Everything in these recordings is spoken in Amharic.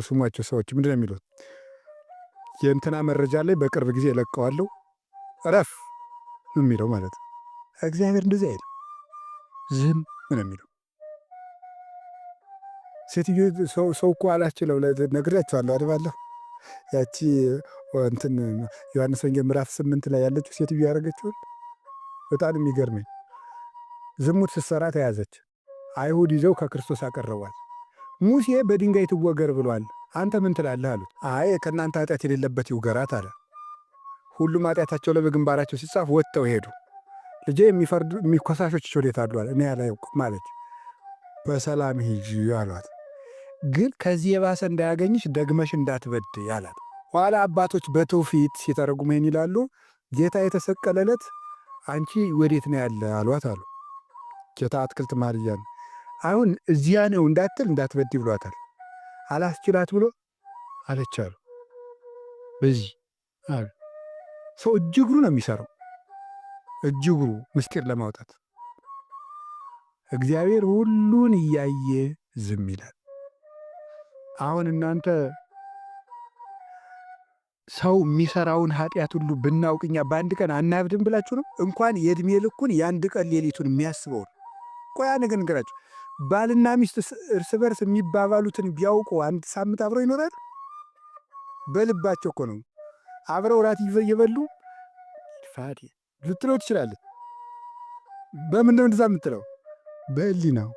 ስሟቸው ሰዎች ምንድን ነው የሚሉት? የእንትና መረጃ ላይ በቅርብ ጊዜ ለቀዋለሁ ረፍ የሚለው ማለት ነው። እግዚአብሔር እንደዚህ አይል ዝም ምን የሚለው። ሴትዮ ሰው እኮ አላችለው ነግሬያቸዋለሁ፣ አድባለሁ ያቺ እንትን ዮሐንስ ወንጌል ምዕራፍ ስምንት ላይ ያለችው ሴትዮ ያደረገችውን በጣም የሚገርመኝ ዝሙት ስትሰራ ተያዘች። አይሁድ ይዘው ከክርስቶስ አቀረቧል። ሙሴ በድንጋይ ትወገር ብሏል፣ አንተ ምን ትላለህ አሉት። አይ ከእናንተ ኃጢአት የሌለበት ይውገራት አለ። ሁሉም ኃጢአታቸው ለበግንባራቸው ሲጻፍ ወጥተው ሄዱ። ልጄ የሚፈርዱ የሚኮሳሾች ወዴት አሉ? እኔ አላውቅም አለች። በሰላም ሂጂ አሏት። ግን ከዚህ የባሰ እንዳያገኝሽ ደግመሽ እንዳትበድ ያላት። ኋላ አባቶች በትውፊት ሲተረጉሙ ይህን ይላሉ። ጌታ የተሰቀለለት አንቺ ወዴት ነው ያለ አሏት አሉ። ጌታ አትክልት ማርያን አሁን እዚያ ነው እንዳትል እንዳትበድ ብሏታል። አላስችላት ብሎ አለቻሉ። በዚህ ሰው እጅግሩ ነው የሚሰራው፣ እጅግሩ ምስጢር ለማውጣት እግዚአብሔር ሁሉን እያየ ዝም ይላል። አሁን እናንተ ሰው የሚሰራውን ኃጢአት ሁሉ ብናውቅኛ በአንድ ቀን አናብድም ብላችሁ ነው። እንኳን የእድሜ ልኩን የአንድ ቀን ሌሊቱን የሚያስበውን ቆያ ነገር ንገራችሁ ባልና ሚስት እርስ በርስ የሚባባሉትን ቢያውቁ አንድ ሳምንት አብረው ይኖራል? በልባቸው እኮ ነው አብረው እራት እየበሉ ልትለው ትችላለህ። በምን እንደዛ የምትለው? በህሊናው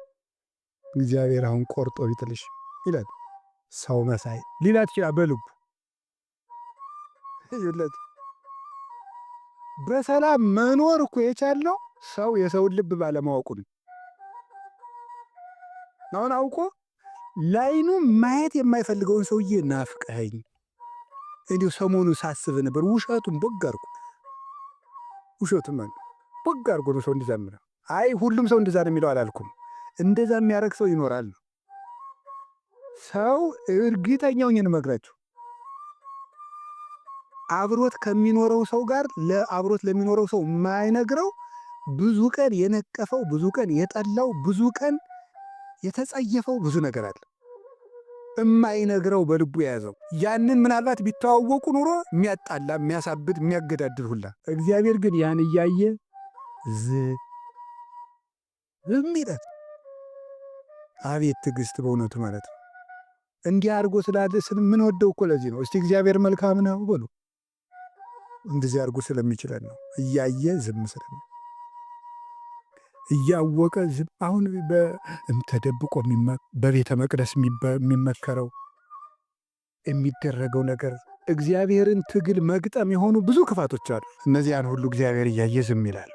እግዚአብሔር አሁን ቆርጦ ቢጥልሽ ይላል። ሰው መሳይ ሌላ ትችላ በልቡ ይለት በሰላም መኖር እኮ የቻለው ሰው የሰውን ልብ ባለማወቁ ነው። አሁን አውቆ ላይኑ ማየት የማይፈልገውን ሰውዬ ናፍቀኸኝ እንዲሁ ሰሞኑ ሳስብ ነበር። ውሸቱን ቦግ ውሸቱን ማለት ቦግ አርጎ ነው ሰው እንደዛ የሚለው። አይ ሁሉም ሰው እንደዛ ነው የሚለው አላልኩም። እንደዛ የሚያደርግ ሰው ይኖራል። ሰው እርግጠኛው እኔ እነግራችሁ አብሮት ከሚኖረው ሰው ጋር ለአብሮት ለሚኖረው ሰው የማይነግረው ብዙ ቀን የነቀፈው ብዙ ቀን የጠላው ብዙ ቀን የተጸየፈው ብዙ ነገር አለ እማይነግረው በልቡ የያዘው ያንን ምናልባት ቢተዋወቁ ኑሮ የሚያጣላ የሚያሳብድ የሚያገዳድር ሁላ እግዚአብሔር ግን ያን እያየ ዝ የሚለት አቤት ትዕግስት በእውነቱ ማለት ነው። እንዲህ አድርጎ ስላለ ስምንወደው እኮ ለዚህ ነው። እስቲ እግዚአብሔር መልካም ነው በሉ። እንደዚህ አድርጎ ስለሚችለን ነው እያየ ዝም ስለሚ እያወቀ ዝም አሁን ተደብቆ በቤተ መቅደስ የሚመከረው የሚደረገው ነገር እግዚአብሔርን ትግል መግጠም የሆኑ ብዙ ክፋቶች አሉ። እነዚያን ሁሉ እግዚአብሔር እያየ ዝም ይላል።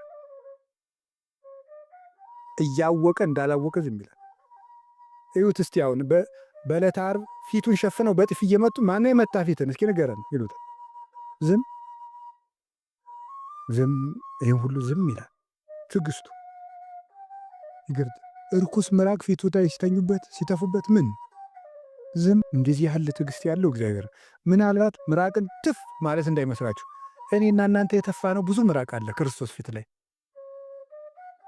እያወቀ እንዳላወቀ ዝም ይላል። እዩት እስቲ አሁን በዕለተ ዓርብ ፊቱን ሸፍነው በጥፊ እየመጡ ማነው የመታ ፊትን እስኪ ንገረን ይሉታል። ዝም ዝም ይህም ሁሉ ዝም ይላል። ትዕግስቱ ይገርጥ እርኩስ መልአክ ፊቱ ላይ ሲተኙበት ሲተፉበት ምን ዝም እንደዚህ ያህል ትዕግስት ያለው እግዚአብሔር ምናልባት ምራቅን ትፍ ማለት እንዳይመስላችሁ እኔና እናንተ የተፋ ነው ብዙ ምራቅ አለ ክርስቶስ ፊት ላይ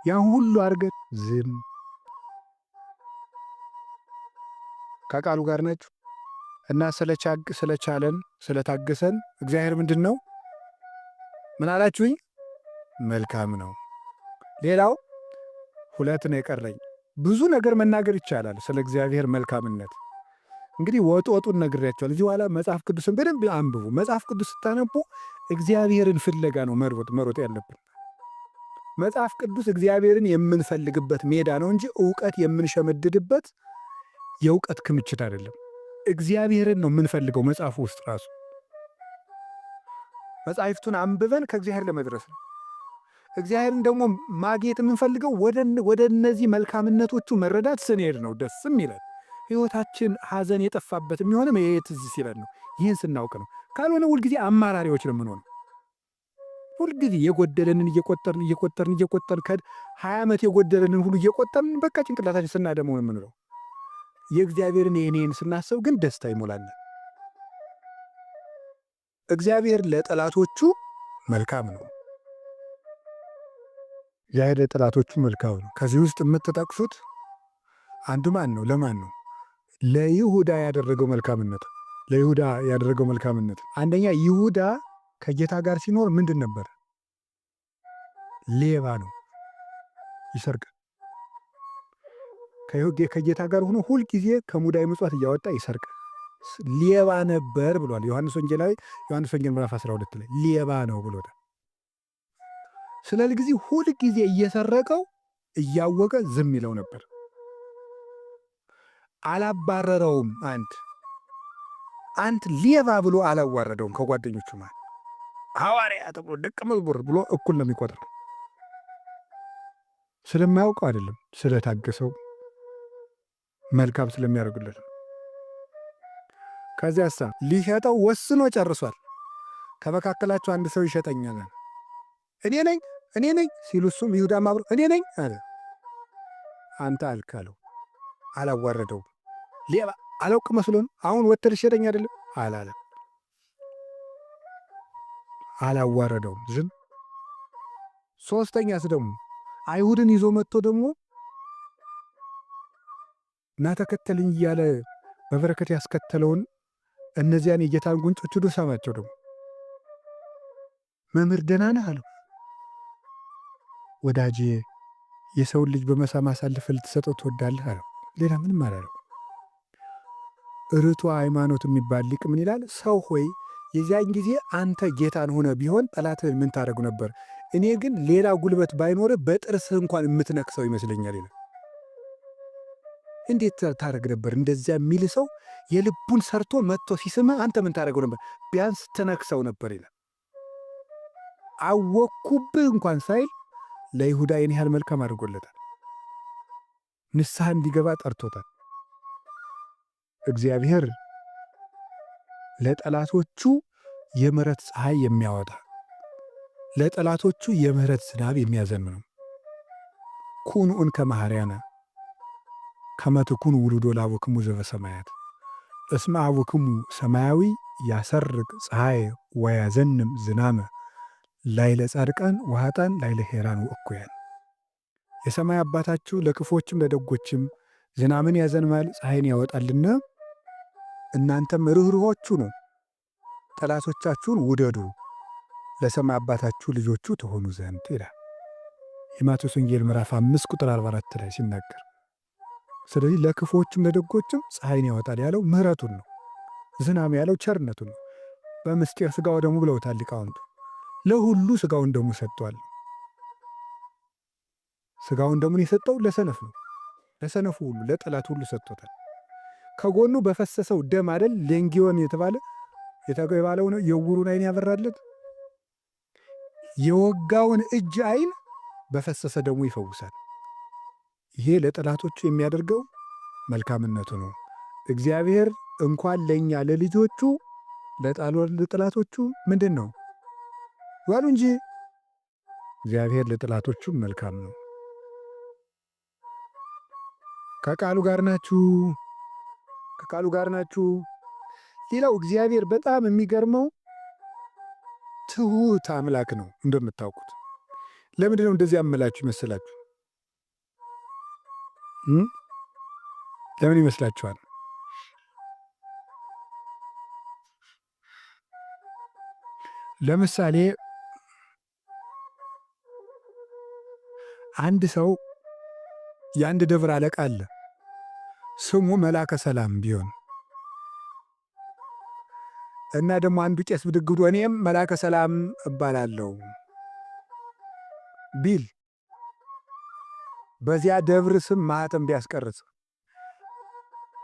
ያን ሁሉ አድርገን ዝም ከቃሉ ጋር ነች እና ስለቻለን ስለታገሰን እግዚአብሔር ምንድን ነው ምን አላችሁኝ መልካም ነው ሌላው ሁለት ነው የቀረኝ። ብዙ ነገር መናገር ይቻላል ስለ እግዚአብሔር መልካምነት። እንግዲህ ወጥ ወጡን ነግሬያቸዋል። እዚህ በኋላ መጽሐፍ ቅዱስን በደንብ አንብቡ። መጽሐፍ ቅዱስ ስታነቡ እግዚአብሔርን ፍለጋ ነው መሮጥ መሮጥ ያለብን። መጽሐፍ ቅዱስ እግዚአብሔርን የምንፈልግበት ሜዳ ነው እንጂ እውቀት የምንሸመድድበት የእውቀት ክምችት አይደለም። እግዚአብሔርን ነው የምንፈልገው መጽሐፉ ውስጥ ራሱ መጽሐፍቱን አንብበን ከእግዚአብሔር ለመድረስ ነው። እግዚአብሔርን ደግሞ ማግኘት የምንፈልገው ወደ እነዚህ መልካምነቶቹ መረዳት ስንሄድ ነው። ደስም ይለን ህይወታችን ሀዘን የጠፋበት የሚሆንም ይሄ ትዝ ሲለን ነው። ይህን ስናውቅ ነው። ካልሆነ ሁልጊዜ አማራሪዎች ነው የምንሆነው። ሁልጊዜ የጎደለንን እየቆጠርን እየቆጠርን እየቆጠርን ከ ሀያ ዓመት የጎደለንን ሁሉ እየቆጠርን በቃ ጭንቅላታችን ስናደመው የምንለው የእግዚአብሔርን የእኔን ስናስብ ግን ደስታ ይሞላለን። እግዚአብሔር ለጠላቶቹ መልካም ነው። የአይደ ጠላቶቹ መልካው ነው። ከዚህ ውስጥ የምትጠቅሱት አንዱ ማን ነው? ለማን ነው? ለይሁዳ ያደረገው መልካምነት፣ ለይሁዳ ያደረገው መልካምነት። አንደኛ ይሁዳ ከጌታ ጋር ሲኖር ምንድን ነበር? ሌባ ነው፣ ይሰርቅ። ከጌታ ጋር ሆኖ ሁልጊዜ ከሙዳይ ምጽዋት እያወጣ ይሰርቅ፣ ሌባ ነበር ብሏል ዮሐንስ ወንጌላዊ ዮሐንስ ወንጌል ምዕራፍ 12 ላይ ሌባ ነው ብሎታል። ስለ ልጊዜ ሁል ጊዜ እየሰረቀው እያወቀ ዝም ይለው ነበር። አላባረረውም። አንድ አንድ ሌባ ብሎ አላዋረደውም። ከጓደኞቹ ማለት ሐዋርያ ተብሎ ደቀ መዝሙር ብሎ እኩል ነው የሚቆጥረው። ስለማያውቀው አይደለም፣ ስለታገሰው መልካም ስለሚያደርግለት። ሳ ሊሸጠው ወስኖ ጨርሷል። ከመካከላቸው አንድ ሰው ይሸጠኛል እኔ ነኝ እኔ ነኝ ሲሉ እሱም ይሁዳም አብሮ እኔ ነኝ አለ። አንተ አልክ አለው። አላዋረደው ሌባ አላውቅ መስሎን አሁን ወተር ሸጠኝ አይደለም አላለ። አላዋረደውም። ዝም ሶስተኛስ ደግሞ አይሁድን ይዞ መጥቶ ደግሞ ና ተከተልኝ እያለ በበረከት ያስከተለውን እነዚያን የጌታን ጉንጮች ዱ ሳማቸው ደግሞ መምህር ደህና ነህ አለው። ወዳጄ የሰውን ልጅ በመሳም አሳልፈ ልትሰጠው ትወዳለህ አለው። ሌላ ምን አላለው። ርቱ ሃይማኖት የሚባል ሊቅ ምን ይላል? ሰው ሆይ የዚያን ጊዜ አንተ ጌታን ሆነ ቢሆን ጠላትህን ምን ታደረጉ ነበር? እኔ ግን ሌላ ጉልበት ባይኖር በጥርስህ እንኳን የምትነክሰው ይመስለኛል ይላል። እንዴት ታደረግ ነበር? እንደዚያ የሚል ሰው የልቡን ሰርቶ መጥቶ ሲስምህ አንተ ምን ታደርገው ነበር? ቢያንስ ትነክሰው ነበር ይላል። አወኩብህ እንኳን ሳይል ለይሁዳ ይህን ያህል መልካም አድርጎለታል። ንስሐ እንዲገባ ጠርቶታል። እግዚአብሔር ለጠላቶቹ የምሕረት ፀሐይ የሚያወጣ ለጠላቶቹ የምሕረት ዝናብ የሚያዘን ነው። ኩኑ እንከ መሐርያነ ከመ ትኩኑ ውሉዶ ላቡክሙ ዘበሰማያት እስመ አቡክሙ ሰማያዊ ያሰርቅ ፀሐይ ወያዘንም ዝናመ ላይለ ጻድቃን ውሃጣን ላይለ ሄራን ወእኩያን የሰማይ አባታችሁ ለክፎችም ለደጎችም ዝናምን ያዘንማል ፀሐይን ያወጣልና እናንተም ርኅርኆቹ ነው። ጠላቶቻችሁን ውደዱ ለሰማይ አባታችሁ ልጆቹ ተሆኑ ዘንድ ይላል የማቴዎስ ወንጌል ምዕራፍ 5 ቁጥር 44 ላይ ሲናገር። ስለዚህ ለክፎችም ለደጎችም ፀሐይን ያወጣል ያለው ምሕረቱን ነው። ዝናም ያለው ቸርነቱን ነው። በምስጢር ሥጋው ደግሞ ብለውታል ሊቃውንቱ። ለሁሉ ስጋውን ደሙ ሰጥቷል። ስጋውን ደሙን የሰጠው ለሰነፍ ነው። ለሰነፉ ሁሉ ለጠላት ሁሉ ሰጥቶታል። ከጎኑ በፈሰሰው ደም አይደል ሌንጊዮን የተባለ የተባለው ነው። የውሩን አይን ያበራለት የወጋውን እጅ አይን በፈሰሰ ደሙ ይፈውሳል። ይሄ ለጠላቶቹ የሚያደርገው መልካምነቱ ነው። እግዚአብሔር እንኳን ለእኛ ለልጆቹ ለጠላቶቹ ምንድን ነው በሉ እንጂ እግዚአብሔር ለጠላቶቹም መልካም ነው። ከቃሉ ጋር ናችሁ፣ ከቃሉ ጋር ናችሁ። ሌላው እግዚአብሔር በጣም የሚገርመው ትሁት አምላክ ነው። እንደምታውቁት ለምንድን ነው እንደዚህ አመላችሁ ይመስላችሁ? ለምን ይመስላችኋል? ለምሳሌ አንድ ሰው የአንድ ደብር አለቃ አለ። ስሙ መላከ ሰላም ቢሆን እና ደግሞ አንዱ ቄስ ብድግ ብሎ እኔም መላከ ሰላም እባላለሁ ቢል በዚያ ደብር ስም ማህተም ቢያስቀርጽ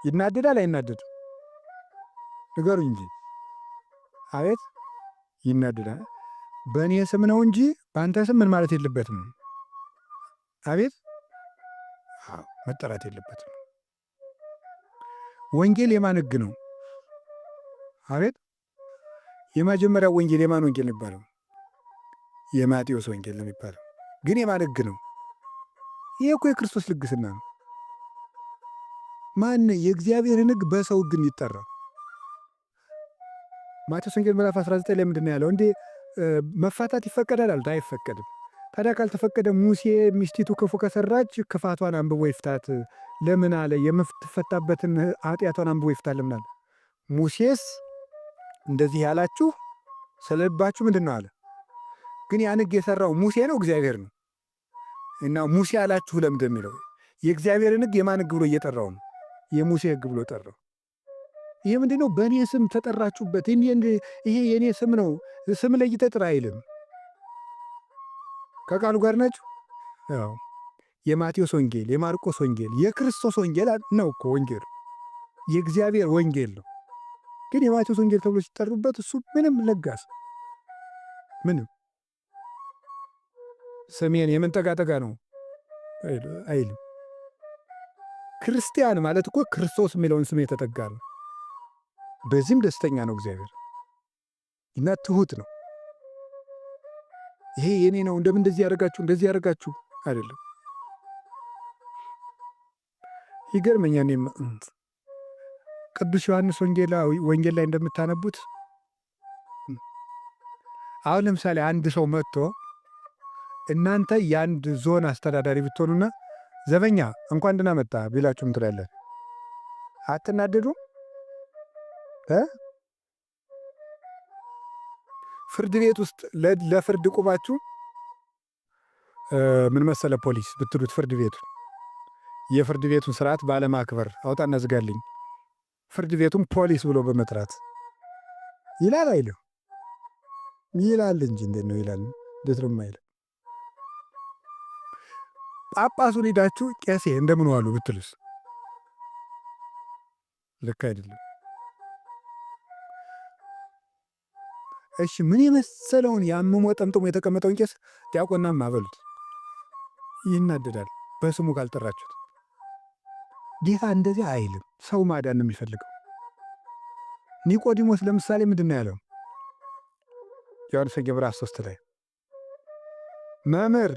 ይናደዳል አይናደድ? ንገሩ እንጂ። አቤት ይናደዳል። በእኔ ስም ነው እንጂ በአንተ ስም ምን ማለት የለበትም። ቤት መጠራት የለበትም። ወንጌል የማን ሕግ ነው? አቤት የመጀመሪያው ወንጌል የማን ወንጌል ነው የሚባለው? የማቴዎስ ወንጌል ነው የሚባለው። ግን የማን ነው? ይህ እኮ የክርስቶስ ልግስና ነው። ማን የእግዚአብሔርን ሕግ በሰው ሕግ የሚጠራ ማቴዎስ ወንጌል ምዕራፍ 19 ላይ ምንድን ነው ያለው? እንዴ መፋታት ይፈቀዳል አሉት። አይፈቀድም ታዲያ ካልተፈቀደ ሙሴ ሚስቲቱ ክፉ ከሰራች ክፋቷን አንብቦ ይፍታት ለምን አለ? የምትፈታበትን ኃጢአቷን አንብቦ ይፍታት ለምን አለ? ሙሴስ እንደዚህ ያላችሁ ስለልባችሁ ምንድን ነው አለ። ግን ያንግ የሰራው ሙሴ ነው እግዚአብሔር ነው እና ሙሴ አላችሁ ለምንድን የሚለው የእግዚአብሔርን ሕግ የማን ሕግ ብሎ እየጠራው ነው? የሙሴ ሕግ ብሎ ጠራው። ይህ ምንድነው? በእኔ ስም ተጠራችሁበት። ይሄ የእኔ ስም ነው፣ ስም ለይተህ ጥራ አይልም። ከቃሉ ጋር ናችሁ። የማቴዎስ ወንጌል፣ የማርቆስ ወንጌል፣ የክርስቶስ ወንጌል ነው እኮ ወንጌሉ የእግዚአብሔር ወንጌል ነው። ግን የማቴዎስ ወንጌል ተብሎ ሲጠሩበት እሱ ምንም ለጋስ ምንም ሰሜን የመንጠጋጠጋ ነው አይልም። ክርስቲያን ማለት እኮ ክርስቶስ የሚለውን ስም የተጠጋ ነው። በዚህም ደስተኛ ነው እግዚአብሔር እና ትሁት ነው። ይሄ የኔ ነው እንደምን እንደዚህ ያደርጋችሁ እንደዚህ ያደርጋችሁ አይደለም። ይገርመኛል። እኔም ቅዱስ ዮሐንስ ወንጌል ላይ እንደምታነቡት አሁን ለምሳሌ አንድ ሰው መጥቶ እናንተ የአንድ ዞን አስተዳዳሪ ብትሆኑና ዘበኛ እንኳን ደህና መጣ ቢላችሁም ትላለን፣ አትናደዱም? ፍርድ ቤት ውስጥ ለፍርድ ቁማችሁ ምን መሰለ ፖሊስ ብትሉት ፍርድ ቤቱ የፍርድ ቤቱን ስርዓት ባለማክበር አውጣ እነዝጋልኝ ፍርድ ቤቱን ፖሊስ ብሎ በመጥራት ይላል አይልም? ይላል እንጂ እንዴት ነው ይላል? እንዴት ነው ጳጳሱን ሄዳችሁ ቄሴ እንደምን ዋሉ ብትሉስ ልክ አይደለም። እሺ ምን የመሰለውን ያምሞ ጠምጥሞ የተቀመጠውን ቄስ ዲያቆና ማበሉት ይናደዳል በስሙ ካልጠራችሁት። ጌታ እንደዚህ አይልም። ሰው ማዳን ነው የሚፈልገው። ኒቆዲሞስ ለምሳሌ ምንድን ነው ያለው? ዮሐንስ ወንጌል ምዕራፍ ሶስት ላይ መምህር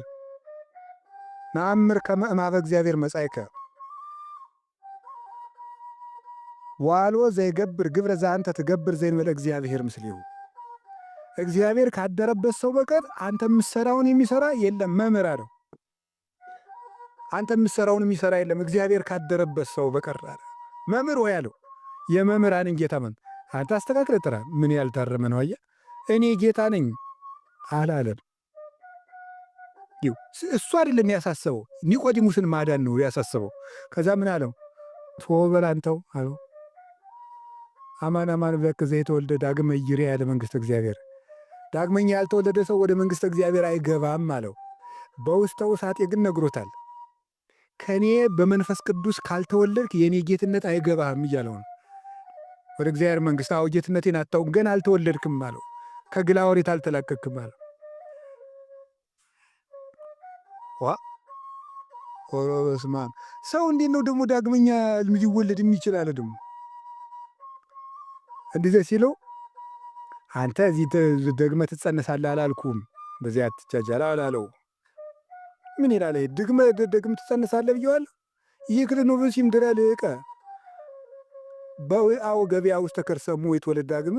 ናአምር ከመ እምኀበ እግዚአብሔር መጻእከ ዋሎ ዘይገብር ግብረ ዘአንተ ትገብር ዘይንበለ እግዚአብሔር ምስሌሁ እግዚአብሔር ካደረበት ሰው በቀር አንተ የምትሰራውን የሚሰራ የለም። መምህር አለው። አንተ የምትሰራውን የሚሰራ የለም እግዚአብሔር ካደረበት ሰው በቀር አለ። መምህር ወይ አለው የመምህራንን ጌታ መን አንተ አስተካክለ ጥራ። ምን ያልታረመ ነው? አየህ እኔ ጌታ ነኝ አላለም። እሱ አይደለም ያሳሰበው፣ ኒቆዲሙስን ማዳን ነው ያሳሰበው። ከዛ ምን አለው? ቶበል አንተው አለው አማን አማን ብለክ ዘይተወልደ ዳግመ ይሬ ያለ መንግስት እግዚአብሔር ዳግመኛ ያልተወለደ ሰው ወደ መንግሥተ እግዚአብሔር አይገባም አለው። በውስጠ ሳጤ ግን ነግሮታል። ከእኔ በመንፈስ ቅዱስ ካልተወለድክ የእኔ ጌትነት አይገባህም እያለው ነው። ወደ እግዚአብሔር መንግሥት አዎ ጌትነቴን አታውም፣ ገና አልተወለድክም አለው። ከግላ ወሬት አልተላቀክም አለው። ኦሮ በስመ አብ ሰው እንዴት ነው ደግሞ ዳግመኛ ሊወለድ የሚችል አለ ደግሞ እንዲዘ ሲለው አንተ እዚህ ደግመህ ትጸነሳለህ አላልኩም፣ በዚህ አትጃጃል አላለው። ምን ይላል? ደግመ ደግም ትጸነሳለህ ብየዋለሁ። ይክድኑ ብእሲም ድረ ልዕቀ በውአው ገበያ ውስጥ ተከርሰሙ የተወለድ አግመ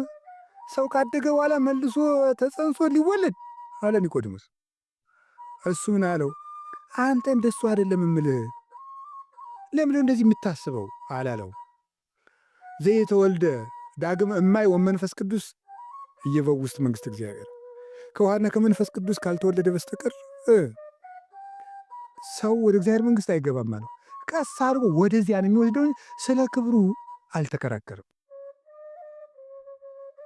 ሰው ካደገ በኋላ መልሶ ተጸንሶ ሊወለድ አለ ኒቆዲሞስ። እሱ ምን አለው? አንተ እንደሱ አይደለም እምልህ ለምን እንደዚህ የምታስበው አላለው። ዘየተወልደ ዳግም እማይ ወመንፈስ ቅዱስ እየበውስጥ መንግሥት እግዚአብሔር ከውሃና ከመንፈስ ቅዱስ ካልተወለደ በስተቀር ሰው ወደ እግዚአብሔር መንግሥት አይገባም ማለት ነው። ቀስ አድርጎ ወደዚያን የሚወስደው ስለ ክብሩ አልተከራከርም።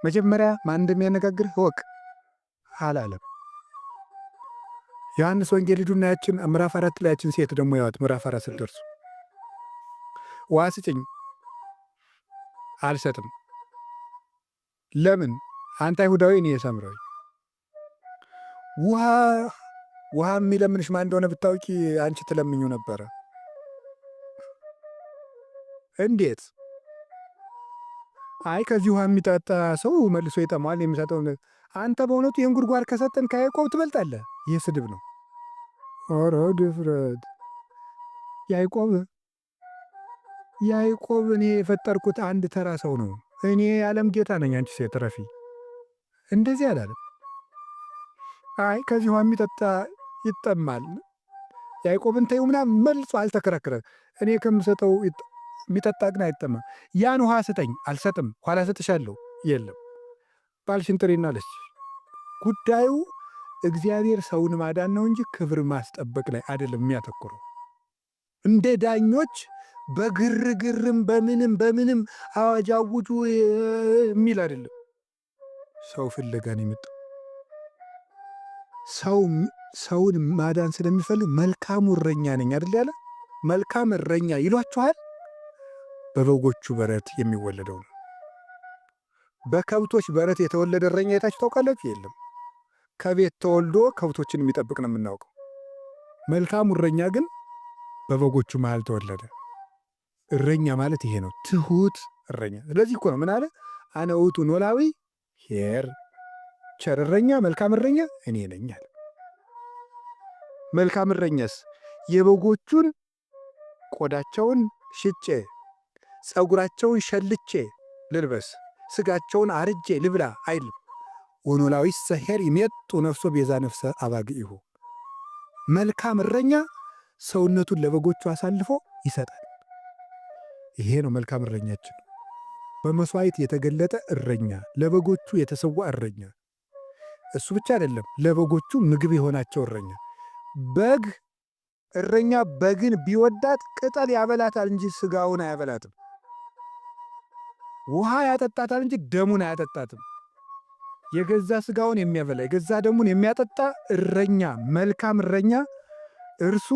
መጀመሪያ ማን እንደሚያነጋግር እወቅ አላለም። ዮሐንስ ወንጌል ሂዱና ያችን ምዕራፍ አራት ላይ ያችን ሴት ደግሞ ያዋት ምዕራፍ አራት ስትደርሱ ውሃ ስጭኝ አልሰጥም። ለምን አንተ አይሁዳዊ እኔ የሳምራዊ ውሃ ውሃ የሚለምንሽ ማን እንደሆነ ብታውቂ አንቺ ትለምኙ ነበረ። እንዴት? አይ ከዚህ ውሃ የሚጠጣ ሰው መልሶ ይጠማዋል የሚሰጠው አንተ በእውነቱ ይህን ጉድጓድ ከሰጠን ከያዕቆብ ትበልጣለህ። ይህ ስድብ ነው። ኧረ ድፍረት! ያዕቆብ ያዕቆብ እኔ የፈጠርኩት አንድ ተራ ሰው ነው። እኔ የዓለም ጌታ ነኝ። አንቺ ሴት ረፊ እንደዚህ አላለም። አይ ከዚህ ውሃ የሚጠጣ ይጠማል፣ ያዕቆብን ተይው ምናምን መልሶ አልተከራከረም። እኔ ከምሰጠው የሚጠጣ ግን አይጠማም። ያን ውሃ ስጠኝ፣ አልሰጥም፣ ኋላ ሰጥሻለሁ፣ የለም ባልሽን ጥሪና አለች። ጉዳዩ እግዚአብሔር ሰውን ማዳን ነው እንጂ ክብር ማስጠበቅ ላይ አይደለም የሚያተኩረው። እንደ ዳኞች በግርግርም በምንም በምንም አዋጅ አውጁ የሚል አይደለም። ሰው ፍለጋ ነው የመጣው። ሰውን ማዳን ስለሚፈልግ መልካሙ እረኛ ነኝ አይደል ያለ። መልካም እረኛ ይሏችኋል በበጎቹ በረት የሚወለደው ነው። በከብቶች በረት የተወለደ እረኛ የታችሁ ታውቃላችሁ? የለም። ከቤት ተወልዶ ከብቶችን የሚጠብቅ ነው የምናውቀው። መልካሙ እረኛ ግን በበጎቹ መሃል ተወለደ። እረኛ ማለት ይሄ ነው፣ ትሁት እረኛ። ስለዚህ እኮ ነው ምን አለ አነ ውእቱ ኖላዊ ሄር ቸር እረኛ መልካም እረኛ እኔ ነኛል። መልካም እረኛስ የበጎቹን ቆዳቸውን ሽጬ ጸጉራቸውን ሸልቼ ልልበስ፣ ስጋቸውን አርጄ ልብላ አይልም። ወኖላዊ ሰሄር ይሜጡ ነፍሶ ቤዛ ነፍሰ አባግኢሁ መልካም እረኛ ሰውነቱን ለበጎቹ አሳልፎ ይሰጣል። ይሄ ነው መልካም እረኛችን። በመስዋዕት የተገለጠ እረኛ፣ ለበጎቹ የተሰዋ እረኛ። እሱ ብቻ አይደለም፣ ለበጎቹ ምግብ የሆናቸው እረኛ። በግ እረኛ በግን ቢወዳት ቅጠል ያበላታል እንጂ ስጋውን አያበላትም። ውሃ ያጠጣታል እንጂ ደሙን አያጠጣትም። የገዛ ስጋውን የሚያበላ የገዛ ደሙን የሚያጠጣ እረኛ፣ መልካም እረኛ እርሱ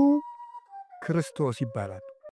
ክርስቶስ ይባላል።